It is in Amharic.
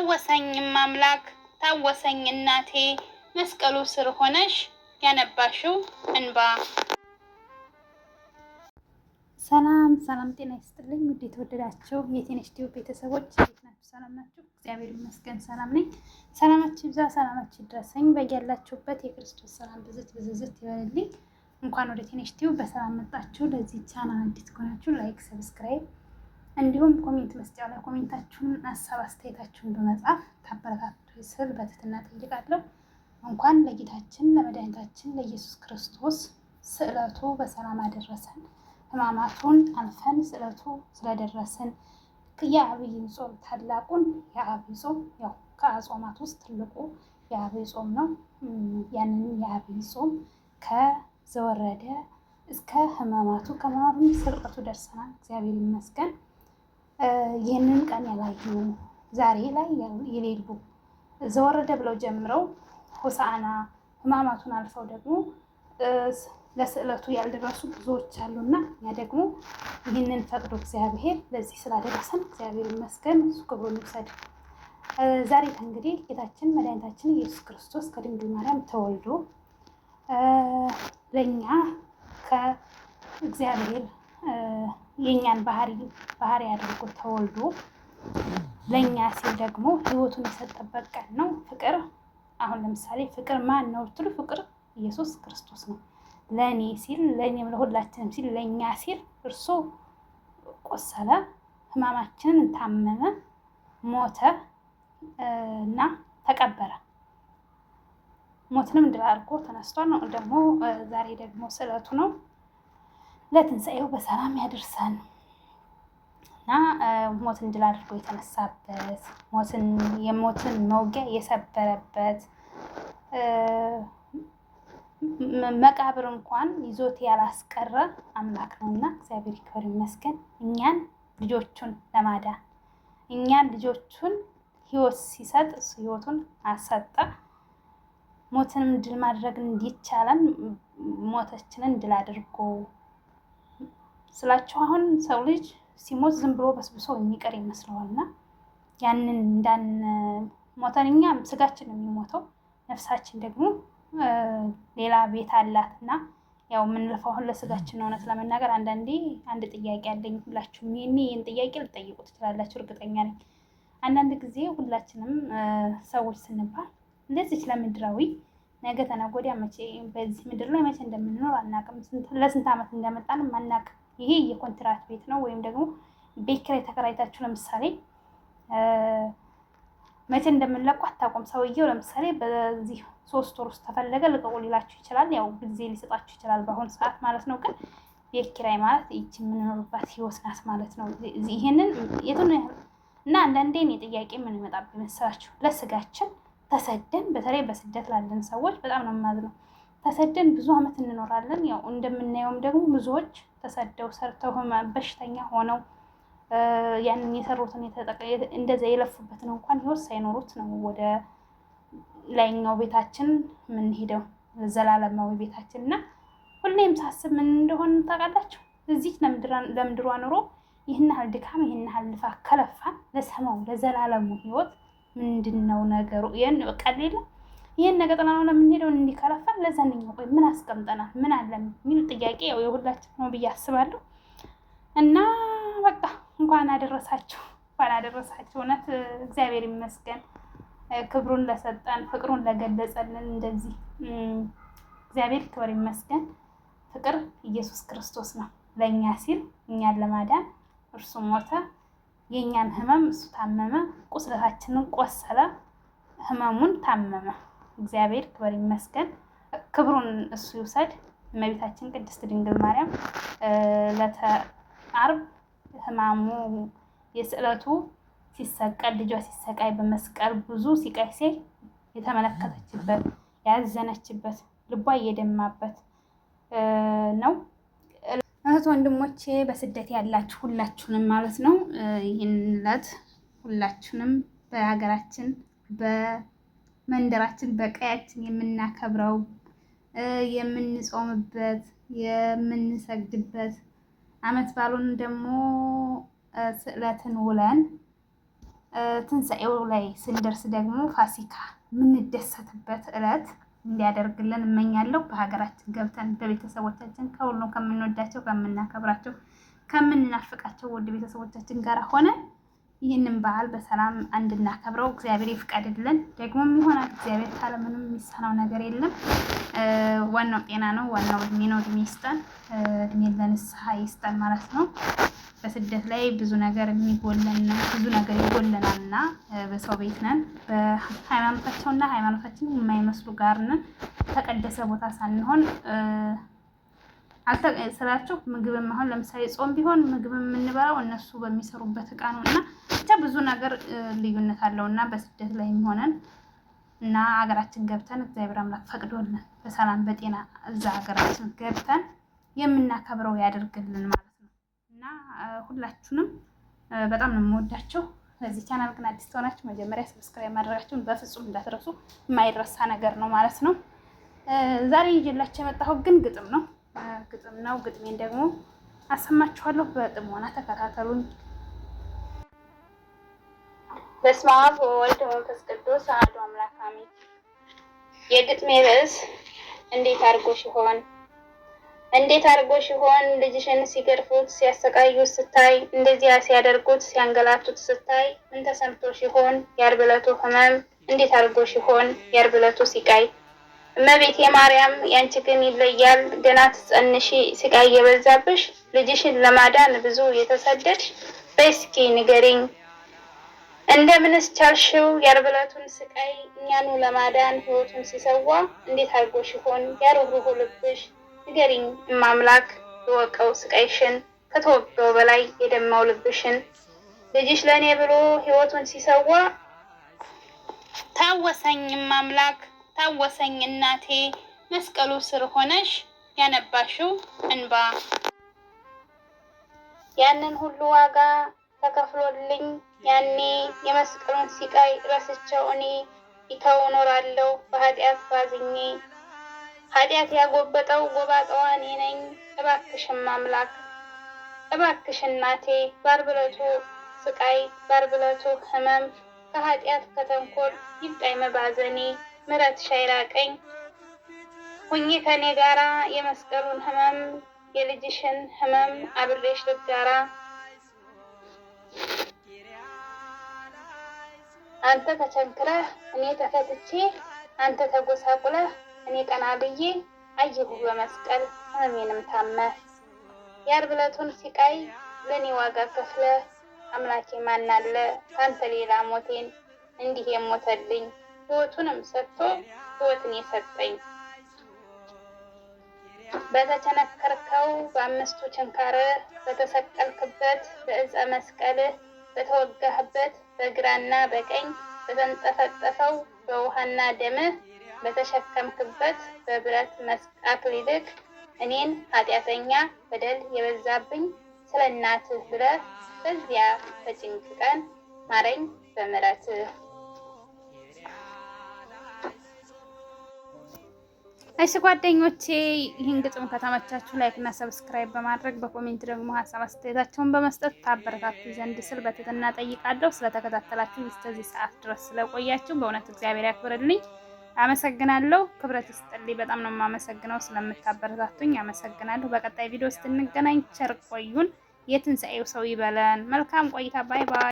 ታወሰኝም አምላክ ታወሰኝ እናቴ መስቀሉ ስር ሆነሽ ያነባሽው እንባ። ሰላም ሰላም፣ ጤና ይስጥልኝ ውድ የተወደዳቸው የቴነሽ ቲዩብ ቤተሰቦች እንዴት ናችሁ? ሰላም ናችሁ? እግዚአብሔር ይመስገን ሰላም ነኝ። ሰላማችሁ ይብዛ፣ ሰላማችሁ ይድረሰኝ። በያላችሁበት የክርስቶስ ሰላም ብዝት ብዝዝት ይበልልኝ። እንኳን ወደ ቴነሽ ቲዩብ በሰላም መጣችሁ። ለዚህ ቻናል አዲስ ከሆናችሁ ላይክ፣ ሰብስክራይብ እንዲሁም ኮሜንት መስጫ ላይ ኮሜንታችሁን፣ ሀሳብ አስተያየታችሁን በመጻፍ ታበረታቱ ስል በትህትና ጠይቃለሁ። እንኳን ለጌታችን ለመድኃኒታችን ለኢየሱስ ክርስቶስ ስዕለቱ በሰላም አደረሰን። ሕማማቱን አልፈን ስዕለቱ ስለደረሰን የአብይን ጾም ታላቁን የአብይ ጾም ያው ከአጾማት ውስጥ ትልቁ የአብይ ጾም ነው። ያንን የአብይ ጾም ከዘወረደ እስከ ሕማማቱ ከሕማማቱም ስርቀቱ ደርሰናል። እግዚአብሔር ይመስገን። ይህንን ቀን ያላዩ ዛሬ ላይ የሌሉ ዘወረደ ብለው ጀምረው ሆሳዕና ህማማቱን አልፈው ደግሞ ለስዕለቱ ያልደረሱ ብዙዎች አሉና እኛ ደግሞ ይህንን ፈቅዶ እግዚአብሔር ለዚህ ስላደረሰን እግዚአብሔር ይመስገን፣ እሱ ክብሩን ይውሰድ። ዛሬ እንግዲህ ጌታችን መድኃኒታችን ኢየሱስ ክርስቶስ ከድንግል ማርያም ተወልዶ ለእኛ ከእግዚአብሔር የእኛን ባህሪ ባህሪ አድርጎ ተወልዶ ለእኛ ሲል ደግሞ ህይወቱን የሰጠበት ቀን ነው። ፍቅር አሁን ለምሳሌ ፍቅር ማን ነው ብትሉ ፍቅር ኢየሱስ ክርስቶስ ነው። ለእኔ ሲል ለእኔም ለሁላችንም ሲል ለእኛ ሲል እርሶ ቆሰለ፣ ህማማችንን ታመመ፣ ሞተ እና ተቀበረ። ሞትንም ድል አድርጎ ተነስቷል። ደግሞ ዛሬ ደግሞ ስዕለቱ ነው። ለትንሣኤው በሰላም ያደርሰን እና ሞትን ድል አድርጎ የተነሳበት ሞትን የሞትን መውጊያ የሰበረበት መቃብር እንኳን ይዞት ያላስቀረ አምላክ ነው እና እግዚአብሔር ይክበር ይመስገን። እኛን ልጆቹን ለማዳን እኛን ልጆቹን ህይወት ሲሰጥ እሱ ሕይወቱን አሰጠ። ሞትንም ድል ማድረግ እንዲቻለን ሞታችንን ድል አድርጎ ስላቸው አሁን ሰው ልጅ ሲሞት ዝም ብሎ በስብሶ የሚቀር ይመስለዋልና ያንን እንዳን ሞተን እኛ ስጋችን የሚሞተው ነፍሳችን ደግሞ ሌላ ቤት አላት እና ያው የምንለፈው አሁን ለስጋችን እውነት ለመናገር አንዳንዴ አንድ ጥያቄ አለኝ። ሁላችሁም ይህኔ ይህን ጥያቄ ልጠይቁ ትችላላችሁ፣ እርግጠኛ ነኝ። አንዳንድ ጊዜ ሁላችንም ሰዎች ስንባል እንደዚች ለምድራዊ ነገ ተነገ ወዲያ መቼ በዚህ ምድር ላይ መቼ እንደምንኖር አናውቅም። ለስንት ዓመት እንደመጣንም አናውቅም። ይሄ የኮንትራት ቤት ነው። ወይም ደግሞ ቤት ኪራይ ተከራይታችሁ ለምሳሌ መቼ እንደምንለቁ አታውቁም። ሰውየው ለምሳሌ በዚህ ሶስት ወር ውስጥ ተፈለገ ልቀቁ ሊላችሁ ይችላል። ያው ጊዜ ሊሰጣችሁ ይችላል፣ በአሁኑ ሰዓት ማለት ነው። ግን ቤት ኪራይ ማለት ይች የምንኖርባት ህይወት ናት ማለት ነው። ይህንን የቱን እና አንዳንዴ እኔ ጥያቄ ምን ይመጣብኝ መሰላችሁ? ለስጋችን ተሰደን በተለይ በስደት ላለን ሰዎች በጣም ነው የማዝነው። ተሰደን ብዙ ዓመት እንኖራለን። ያው እንደምናየውም ደግሞ ብዙዎች ተሰደው ሰርተው በሽተኛ ሆነው ያንን የሰሩትን እንደዛ የለፉበትን እንኳን ህይወት ሳይኖሩት ነው ወደ ላይኛው ቤታችን የምንሄደው ዘላለማዊ ቤታችን እና ሁሌም ሳስብ ምን እንደሆን ታውቃላችሁ? እዚህ ለምድሯ ኑሮ ይህን ያህል ድካም፣ ይህን ያህል ልፋ ከለፋ ለሰማው ለዘላለሙ ህይወት ምንድን ነው ነገሩ? ይህን ቀሌለ ይህን ነገ ጥላ ነው ለምንሄደው እንዲከረፈን ለዛንኛው ቆይ ምን አስቀምጠናል ምን አለም የሚል ጥያቄ ያው የሁላችን ነው ብዬ አስባለሁ። እና በቃ እንኳን አደረሳችሁ እንኳን አደረሳችሁ። እውነት እግዚአብሔር ይመስገን ክብሩን ለሰጠን ፍቅሩን ለገለጸልን እንደዚህ እግዚአብሔር ክብር ይመስገን። ፍቅር ኢየሱስ ክርስቶስ ነው ለእኛ ሲል እኛን ለማዳን እርሱ ሞተ። የእኛን ህመም እሱ ታመመ። ቁስለታችንን ቆሰለ፣ ህመሙን ታመመ። እግዚአብሔር ክብር ይመስገን፣ ክብሩን እሱ ይውሰድ። እመቤታችን ቅድስት ድንግል ማርያም ዕለተ ዓርብ ህማሙ የስዕለቱ ሲሰቀል ልጇ ሲሰቃይ በመስቀል ብዙ ሲቃይ ሴ የተመለከተችበት ያዘነችበት ልቧ እየደማበት ነው። እህት ወንድሞቼ በስደት ያላችሁ ሁላችሁንም ማለት ነው ይህን ዕለት ሁላችሁንም በሀገራችን በ መንደራችን በቀያችን የምናከብረው የምንጾምበት የምንሰግድበት አመት ባሉን ደግሞ ስዕለትን ውለን ትንሣኤው ላይ ስንደርስ ደግሞ ፋሲካ የምንደሰትበት እለት እንዲያደርግልን እመኛለሁ። በሀገራችን ገብተን በቤተሰቦቻችን ከሁሉም ከምንወዳቸው ከምናከብራቸው ከምንናፍቃቸው ወደ ቤተሰቦቻችን ጋር ሆነን ይህንን በዓል በሰላም እንድናከብረው እግዚአብሔር ይፍቀድልን። ደግሞም ይሆናል እግዚአብሔር ካለ ምንም የሚሳነው ነገር የለም። ዋናው ጤና ነው፣ ዋናው እድሜ ነው። እድሜ ይስጠን፣ እድሜ ለንስሐ ይስጠን ማለት ነው። በስደት ላይ ብዙ ነገር የሚጎለን ብዙ ነገር ይጎለናል እና በሰው ቤት ነን። በሃይማኖታቸውና ሃይማኖታችን የማይመስሉ ጋር ነን። ተቀደሰ ቦታ ሳንሆን ስላቸው ምግብም አሁን ለምሳሌ ጾም ቢሆን ምግብ የምንበላው እነሱ በሚሰሩበት እቃ ነው እና ብቻ ብዙ ነገር ልዩነት አለው እና በስደት ላይ የሚሆነን እና ሀገራችን ገብተን እግዚአብሔር አምላክ ፈቅዶልን በሰላም በጤና እዛ ሀገራችን ገብተን የምናከብረው ያደርግልን ማለት ነው እና ሁላችሁንም በጣም ነው የምወዳቸው። ለዚህ ቻናል ግን አዲስ ከሆናችሁ መጀመሪያ ሰብስክራይብ ማድረጋችሁን በፍጹም እንዳትረሱ። የማይረሳ ነገር ነው ማለት ነው። ዛሬ ይዤላችሁ የመጣሁት ግን ግጥም ነው ግጥም ነው። ግጥሜን ደግሞ አሰማችኋለሁ። በጥሞና ተከታተሉኝ። በስመ አብ ወወልድ ወመንፈስ ቅዱስ አሐዱ አምላክ አሜን። የግጥሜ ርዕስ እንዴት አድርጎ ይሆን? እንዴት አድርጎ ይሆን? ልጅሽን ሲገርፉት ሲያሰቃዩት ስታይ፣ እንደዚያ ሲያደርጉት ሲያንገላቱት ስታይ፣ ምን ተሰምቶ ሲሆን የዓርብ ዕለቱ እንዴት አድርጎ ይሆን? የዓርብ ዕለቱ ሲቃይ እመቤቴ ማርያም ያንቺ ግን ይለያል፣ ገና ትጸንሺ ስቃይ የበዛብሽ፣ ልጅሽን ለማዳን ብዙ የተሰደድሽ። በይ እስኪ ንገሪኝ እንደምንስ ቻልሽው ያልበለቱን ስቃይ እኛኑ ለማዳን ህይወቱን ሲሰዋ እንዴት አድርጎሽ ይሆን ያርኅሩኅ ልብሽ ንገሪኝ እማምላክ የወቀው ስቃይሽን ከተወደው በላይ የደማው ልብሽን ልጅሽ ለእኔ ብሎ ህይወቱን ሲሰዋ ታወሰኝ እማምላክ ታወሰኝ እናቴ መስቀሉ ስር ሆነሽ ያነባሽው እንባ ያንን ሁሉ ዋጋ ተከፍሎልኝ ያኔ የመስቀሉን ሲቃይ ረስቸው እኔ ይተው ኖራለሁ በኃጢአት ባዝኜ ኃጢአት ያጎበጠው ጎባጣዋ እኔ ነኝ። እባክሽም አምላክ እባክሽ እናቴ ባርብለቱ ስቃይ ባርብለቱ ህመም ከኃጢአት ከተንኮል ይብቃኝ መባዘኔ ምሕረትሽ አይራቀኝ ሁኚ ከእኔ ጋራ የመስቀሉን ህመም የልጅሽን ህመም አብሬሽ ልጋራ አንተ ተቸንክረህ እኔ ተፈትቼ፣ አንተ ተጎሳቁለህ እኔ ቀና ብዬ አየሁ በመስቀል ሕመሜንም ታመ የአርብ ዕለቱን ሲቃይ ለእኔ ዋጋ ከፍለ አምላኬ ማናለ ካንተ ሌላ ሞቴን እንዲህ የሞተልኝ ህይወቱንም ሰጥቶ ህይወትን የሰጠኝ በተቸነከርከው በአምስቱ ችንካርህ በተሰቀልክበት በእፀ መስቀልህ በተወጋህበት በግራና በቀኝ በተንጠፈጠፈው በውሃና ደምህ በተሸከምክበት በብረት መስቀል ይልቅ እኔን ኃጢአተኛ በደል የበዛብኝ ስለ እናትህ ብለህ በዚያ በጭንቅ ቀን ማረኝ በምሕረትህ። እሺ ጓደኞቼ ይህን ግጥም ከተመቻችሁ ላይክ እና ሰብስክራይብ በማድረግ በኮሜንት ደግሞ ሀሳብ አስተያየታቸውን በመስጠት ታበረታቱ ዘንድ ስል በትህትና ጠይቃለሁ። ስለተከታተላችሁ እስከዚህ ሰዓት ድረስ ስለቆያችሁ በእውነት እግዚአብሔር ያክብርልኝ፣ አመሰግናለሁ። ክብረት ይስጥልኝ። በጣም ነው የማመሰግነው ስለምታበረታቱኝ አመሰግናለሁ። በቀጣይ ቪዲዮ ስትንገናኝ ቸር ቆዩን። የትንሣኤው ሰው ይበለን። መልካም ቆይታ። ባይ ባይ።